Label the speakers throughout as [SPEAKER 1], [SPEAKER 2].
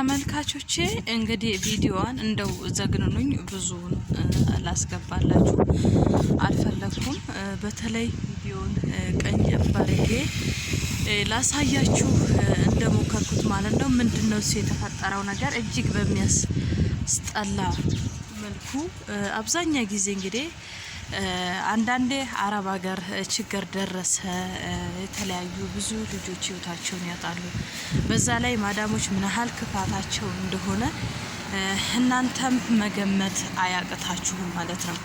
[SPEAKER 1] ተመልካቾቼ እንግዲህ ቪዲዮዋን እንደው ዘግንኑኝ ብዙውን ላስገባላችሁ አልፈለግኩም። በተለይ ቪዲዮን ቀኝ ባርጌ ላሳያችሁ እንደሞከርኩት ማለት ነው። ምንድን ነው የተፈጠረው ነገር እጅግ በሚያስጠላ መልኩ አብዛኛ ጊዜ እንግዲህ አንዳንዴ አረብ ሀገር ችግር ደረሰ፣ የተለያዩ ብዙ ልጆች ህይወታቸውን ያጣሉ። በዛ ላይ ማዳሞች ምን ያህል ክፋታቸው እንደሆነ እናንተም መገመት አያቅታችሁም ማለት ነው።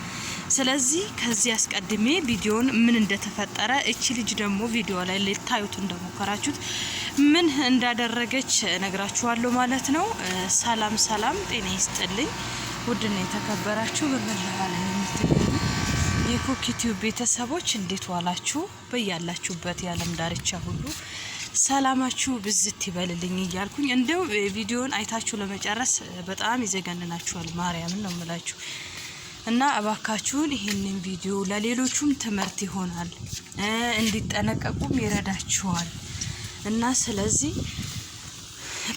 [SPEAKER 1] ስለዚህ ከዚህ አስቀድሜ ቪዲዮን ምን እንደተፈጠረ እቺ ልጅ ደግሞ ቪዲዮ ላይ ልታዩት እንደሞከራችሁት ምን እንዳደረገች ነግራችኋለሁ ማለት ነው። ሰላም ሰላም፣ ጤና ይስጥልኝ ውድና የተከበራችሁ በመላው ዓለም የምትገኙ የኩኪቲው ቤተሰቦች እንዴት ዋላችሁ? በያላችሁበት የዓለም ዳርቻ ሁሉ ሰላማችሁ ብዝት ይበልልኝ እያልኩኝ እንደው ቪዲዮን አይታችሁ ለመጨረስ በጣም ይዘገንናችኋል። ማርያምን ነው ምላችሁ እና እባካችሁን ይህንን ቪዲዮ ለሌሎቹም ትምህርት ይሆናል፣ እንዲጠነቀቁም ይረዳችኋል እና ስለዚህ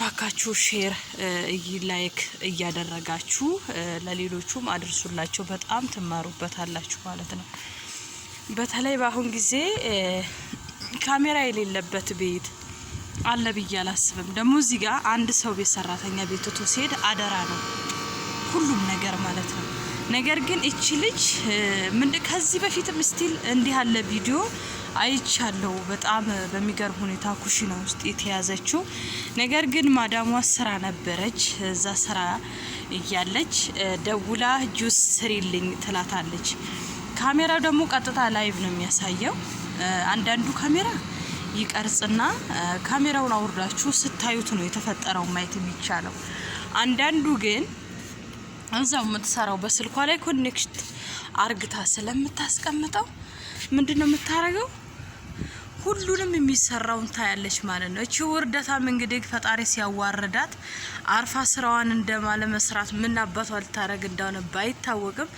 [SPEAKER 1] ባካችሁ ሼር ላይክ እያደረጋችሁ ለሌሎቹም አድርሱላቸው። በጣም ትማሩበታላችሁ ማለት ነው። በተለይ በአሁን ጊዜ ካሜራ የሌለበት ቤት አለ ብዬ አላስብም። ደግሞ እዚህ ጋር አንድ ሰው ቤት ሰራተኛ ቤት ትቶ ሲሄድ አደራ ነው ሁሉም ነገር ማለት ነው። ነገር ግን እቺ ልጅ ምንድ ከዚህ በፊትም ስቲል እንዲህ ያለ ቪዲዮ አይቻለው። በጣም በሚገርም ሁኔታ ኩሽና ውስጥ የተያዘችው ነገር ግን ማዳሟ ስራ ነበረች። እዛ ስራ እያለች ደውላ ጁስ ስሪልኝ ትላታለች። ካሜራው ደግሞ ቀጥታ ላይቭ ነው የሚያሳየው። አንዳንዱ ካሜራ ይቀርጽና ካሜራውን አውርዳችሁ ስታዩት ነው የተፈጠረው ማየት የሚቻለው። አንዳንዱ ግን እዛው የምትሰራው በስልኳ ላይ ኮኔክት አርግታ ስለምታስቀምጠው ምንድን ነው የምታደርገው? ሁሉንም የሚሰራውን ታያለች ማለት ነው። እቺ ውርደታም እንግዲህ ፈጣሪ ሲያዋርዳት አርፋ ስራዋን እንደማለመስራት ምን አባቷ ልታረግ እንደሆነ ባይታወቅም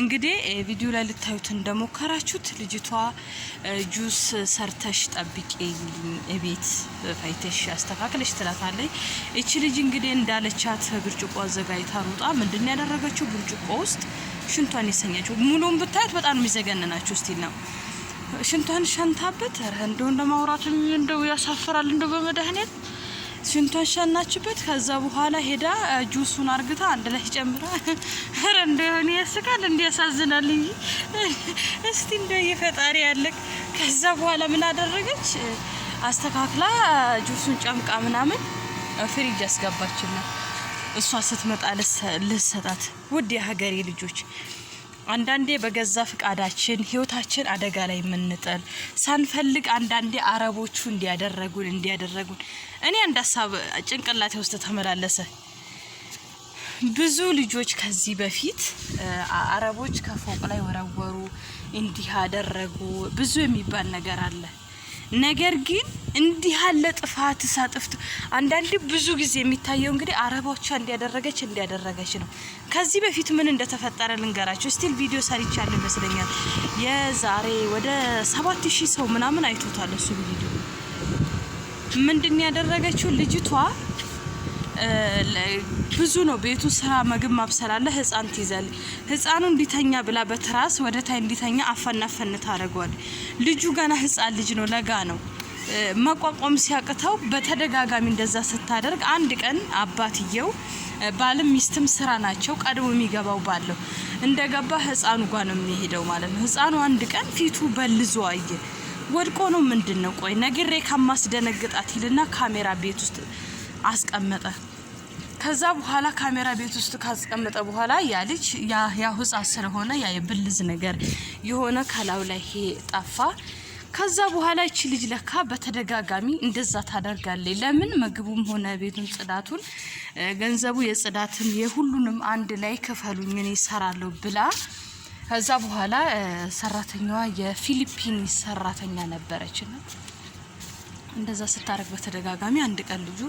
[SPEAKER 1] እንግዲህ ቪዲዮ ላይ ልታዩት እንደሞከራችሁት ልጅቷ ጁስ ሰርተሽ ጠብቄ ቤት ፋይተሽ አስተካክለሽ ትላታለች። እቺ ልጅ እንግዲህ እንዳለቻት ብርጭቆ አዘጋጅታ ሩጣ ምንድን ያደረገችው ብርጭቆ ውስጥ ሽንቷን የሰኛቸው ሙሉውን ብታዩት በጣም የሚዘገንናችሁ ስቲል ነው። ሽንቷን ሸንታበት ረ እንደው ማውራት እንደው ያሳፍራል። እንደው በመድኃኒት ሽንቷን ሸናችበት። ከዛ በኋላ ሄዳ ጁሱን አርግታ አንድ ላይ ጨምራ ረ ሆነ ያስቃል፣ እንደ ያሳዝናል እንጂ እስቲ እንደው የፈጣሪ ያለክ። ከዛ በኋላ ምን አደረገች? አስተካክላ ጁሱን ጨምቃ ምናምን ፍሪጅ አስገባችና እሷ ስትመጣ ልሰጣት። ውድ የሀገሬ ልጆች አንዳንዴ በገዛ ፍቃዳችን ህይወታችን አደጋ ላይ የምንጥል ሳንፈልግ፣ አንዳንዴ አረቦቹ እንዲያደረጉን እንዲያደረጉን እኔ አንድ ሀሳብ ጭንቅላቴ ውስጥ ተመላለሰ። ብዙ ልጆች ከዚህ በፊት አረቦች ከፎቅ ላይ ወረወሩ፣ እንዲህ አደረጉ ብዙ የሚባል ነገር አለ። ነገር ግን እንዲህ ያለ ጥፋት ሳጥፍት አንዳንድ ብዙ ጊዜ የሚታየው እንግዲህ አረቦቿ እንዲያደረገች እንዲያደረገች ነው። ከዚህ በፊት ምን እንደተፈጠረ ልንገራቸው። ስቲል ቪዲዮ ሰርቻለሁ ይመስለኛል። የዛሬ ወደ ሰባት ሺህ ሰው ምናምን አይቶታል እሱ ቪዲዮ። ምንድን ያደረገችው ልጅቷ ብዙ ነው ቤቱ ስራ፣ ምግብ ማብሰላለ ህፃን ትይዛል። ህፃኑ እንዲተኛ ብላ በትራስ ወደ ታይ እንዲተኛ አፈናፈን ታደርገዋል። ልጁ ገና ህፃን ልጅ ነው፣ ለጋ ነው። መቋቋም ሲያቅተው በተደጋጋሚ እንደዛ ስታደርግ አንድ ቀን አባትየው ባልም ሚስትም ስራ ናቸው። ቀድሞ የሚገባው ባለው እንደገባ ህፃኑ ጋ ነው የሚሄደው ማለት ነው። ህፃኑ አንድ ቀን ፊቱ በልዞ አየ። ወድቆ ነው ምንድን ነው ቆይ ነግሬ ከማስደነግጣት ይልና ካሜራ ቤት ውስጥ አስቀመጠ። ከዛ በኋላ ካሜራ ቤት ውስጥ ካስቀመጠ በኋላ ያ ልጅ ያ ህፃን ስለሆነ ያ የብልዝ ነገር የሆነ ከላዩ ላይ ሄ ጠፋ። ከዛ በኋላ እቺ ልጅ ለካ በተደጋጋሚ እንደዛ ታደርጋለች። ለምን ምግቡም ሆነ ቤቱን ጽዳቱን፣ ገንዘቡ የጽዳትም የሁሉንም አንድ ላይ ክፈሉኝ እኔ እሰራለሁ ብላ ከዛ በኋላ ሰራተኛዋ የፊሊፒን ሰራተኛ ነበረች ና እንደዛ ስታደርግ በተደጋጋሚ አንድ ቀን ልጁ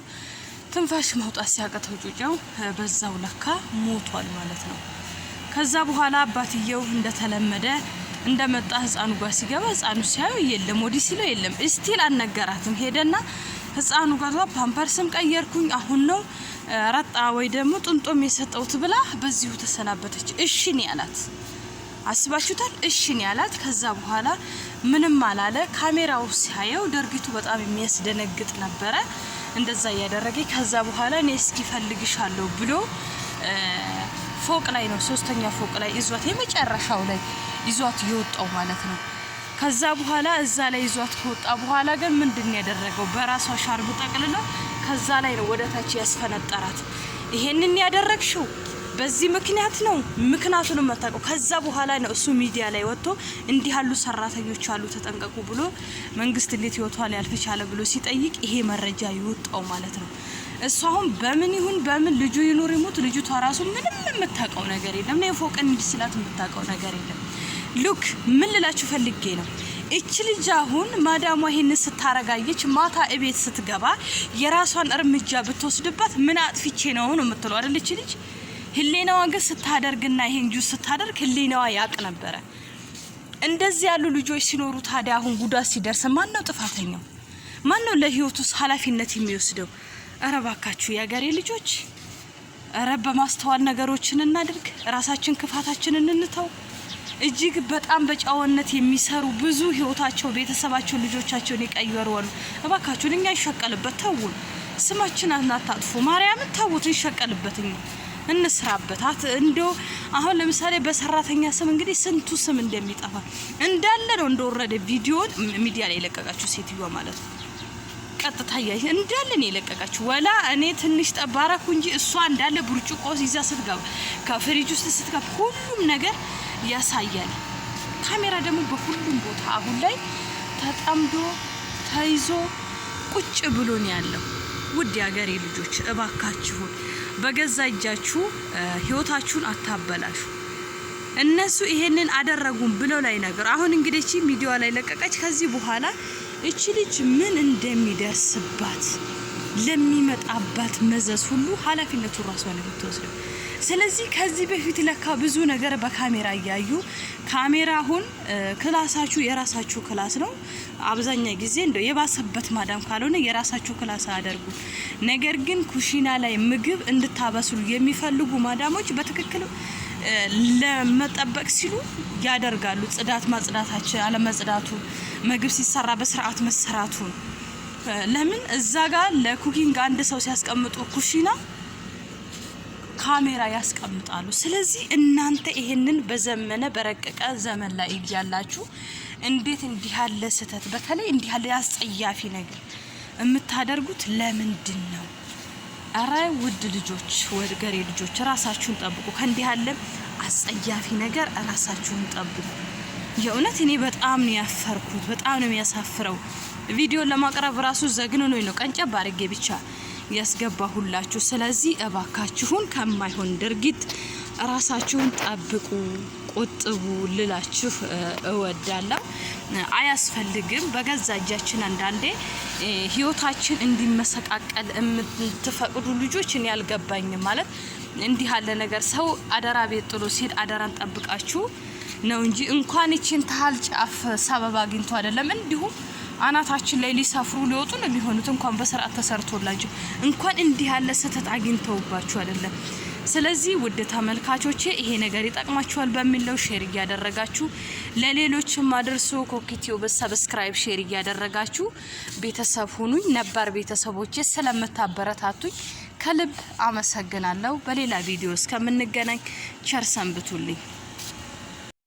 [SPEAKER 1] ትንፋሽ ማውጣት ሲያቅተው ጩጫው በዛው ለካ ሞቷል ማለት ነው። ከዛ በኋላ አባትየው እንደተለመደ እንደመጣ ህፃኑ ጋር ሲገባ ህፃኑ ሲያዩ የለም ወዲህ ሲለው የለም። እስቲል አልነገራትም። ሄደና ህፃኑ ጋር ፓምፐርስም ቀየርኩኝ አሁን ነው ረጣ ወይ ደግሞ ጥንጦም የሰጠውት ብላ በዚሁ ተሰናበተች። እሽን ያላት። አስባችሁታል? እሽን ያላት። ከዛ በኋላ ምንም አላለ። ካሜራው ሲያየው ድርጊቱ በጣም የሚያስደነግጥ ነበረ። እንደዛ እያደረገ ከዛ በኋላ እኔ እስኪ ፈልግሻለሁ ብሎ ፎቅ ላይ ነው፣ ሶስተኛ ፎቅ ላይ ይዟት የመጨረሻው ላይ ይዟት የወጣው ማለት ነው። ከዛ በኋላ እዛ ላይ ይዟት ከወጣ በኋላ ግን ምንድን ያደረገው በራሷ ሻርብ ጠቅልላ ከዛ ላይ ነው ወደ ታች ያስፈነጠራት። ይሄንን ያደረግሽው በዚህ ምክንያት ነው ምክንያቱን የማታውቀው። ከዛ በኋላ ነው እሱ ሚዲያ ላይ ወጥቶ እንዲህ ያሉ ሰራተኞች አሉ ተጠንቀቁ ብሎ መንግስት እንዴት ህይወቷ ሊያልፍ ቻለ ብሎ ሲጠይቅ ይሄ መረጃ ይወጣው ማለት ነው። እሱ አሁን በምን ይሁን በምን ልጁ ይኑር ይሙት ልጅቷ ራሱ ምንም የምታውቀው ነገር የለም። ነው የፎቀን እንዲስላት የምታውቀው ነገር የለም። ሉክ ምን ልላችሁ ፈልጌ ነው እች ልጅ አሁን ማዳሟ ይሄን ስታረጋየች ማታ እቤት ስትገባ የራሷን እርምጃ ብትወስድባት ምን አጥፍቼ ነው ነው የምትለው አይደል? እች ልጅ ህሊናዋ ግን ስታደርግና ይሄን ጁስ ስታደርግ ህሊናዋ ያቅ ነበረ። እንደዚህ ያሉ ልጆች ሲኖሩ ታዲያ አሁን ጉዳት ሲደርስ ማን ነው ጥፋተኛው? ማን ነው ለህይወቱ ኃላፊነት የሚወስደው? እረ ባካችሁ የአገሬ ልጆች፣ እረ በማስተዋል ነገሮችን እናድርግ። ራሳችን ክፋታችንን እንተው። እጅግ በጣም በጫወነት የሚሰሩ ብዙ ህይወታቸው፣ ቤተሰባቸው፣ ልጆቻቸውን የቀየሩ አሉ። እባካችሁን እኛ ይሸቀልበት ተውን። ስማችን አናታጥፉ። ማርያምን ተዉት፣ ይሸቀልበት እኛ እንስራበታት እንዶ አሁን ለምሳሌ በሰራተኛ ስም እንግዲህ ስንቱ ስም እንደሚጠፋ እንዳለ ነው። እንደወረደ ቪዲዮን ሚዲያ ላይ የለቀቃችሁ ሴትዮ ማለት ነው። ቀጥታ እያየ እንዳለ ነው የለቀቃችሁ። ወላ እኔ ትንሽ ጠባረኩ እንጂ እሷ እንዳለ ብርጭቆ ይዛ ስትገባ ከፍሪጅ ውስጥ ስትገባ ሁሉም ነገር ያሳያል። ካሜራ ደግሞ በሁሉም ቦታ አሁን ላይ ተጠምዶ ተይዞ ቁጭ ብሎን ያለው ውድ የሀገሬ ልጆች እባካችሁን በገዛ እጃችሁ ህይወታችሁን አታበላሹ። እነሱ ይሄንን አደረጉም ብለው ላይ ነገር አሁን እንግዲህ እቺ ሚዲያ ላይ ለቀቀች። ከዚህ በኋላ እቺ ልጅ ምን እንደሚደርስባት ለሚመጣባት መዘዝ ሁሉ ኃላፊነቱን ራሷ ነው የምትወስደው። ስለዚህ ከዚህ በፊት ለካ ብዙ ነገር በካሜራ እያዩ ካሜራ አሁን ክላሳችሁ የራሳችሁ ክላስ ነው። አብዛኛ ጊዜ እንደው የባሰበት ማዳም ካልሆነ የራሳችሁ ክላስ አያደርጉ ነገር ግን ኩሽና ላይ ምግብ እንድታበስሉ የሚፈልጉ ማዳሞች በትክክል ለመጠበቅ ሲሉ ያደርጋሉ። ጽዳት ማጽዳታችን፣ አለመጽዳቱ፣ ምግብ ሲሰራ በስርዓት መሰራቱን ለምን እዛ ጋር ለኩኪንግ አንድ ሰው ሲያስቀምጡ ኩሽና ካሜራ ያስቀምጣሉ። ስለዚህ እናንተ ይሄንን በዘመነ በረቀቀ ዘመን ላይ እያላችሁ እንዴት እንዲህ ያለ ስህተት በተለይ እንዲህ ያለ አስጸያፊ ነገር የምታደርጉት ለምንድን ነው? እረ ውድ ልጆች፣ ወገሬ ልጆች ራሳችሁን ጠብቁ። ከእንዲህ ያለ አጸያፊ ነገር ራሳችሁን ጠብቁ። የእውነት እኔ በጣም ነው ያፈርኩት። በጣም ነው የሚያሳፍረው። ቪዲዮ ለማቅረብ ራሱ ዘግንኖኝ ነው ቀንጨብ አድርጌ ብቻ ያስገባሁላችሁ። ስለዚህ እባካችሁን ከማይሆን ድርጊት ራሳችሁን ጠብቁ። ቆጥቡ ልላችሁ እወዳለሁ። አያስፈልግም። በገዛ እጃችን አንዳንዴ ህይወታችን እንዲመሰቃቀል የምትፈቅዱ ልጆች እኔ አልገባኝም። ማለት እንዲህ ያለ ነገር ሰው አደራ ቤት ጥሎ ሲሄድ አደራን ጠብቃችሁ ነው እንጂ እንኳን ይችን ታህል ጫፍ ሰበብ አግኝቶ አይደለም እንዲሁም አናታችን ላይ ሊሰፍሩ ሊወጡ ነው የሚሆኑት። እንኳን በስርዓት ተሰርቶላቸው እንኳን እንዲህ ያለ ስህተት አግኝተውባችሁ አይደለም። ስለዚህ ውድ ተመልካቾቼ ይሄ ነገር ይጠቅማችኋል በሚለው ሼር እያደረጋችሁ ለሌሎችም አድርሶ ኮክቲው በሰብስክራይብ ሼር እያደረጋችሁ ቤተሰብ ሁኑኝ። ነባር ቤተሰቦቼ ስለምታበረታቱኝ ከልብ አመሰግናለሁ። በሌላ ቪዲዮ እስከምንገናኝ ቸር ሰንብቱልኝ።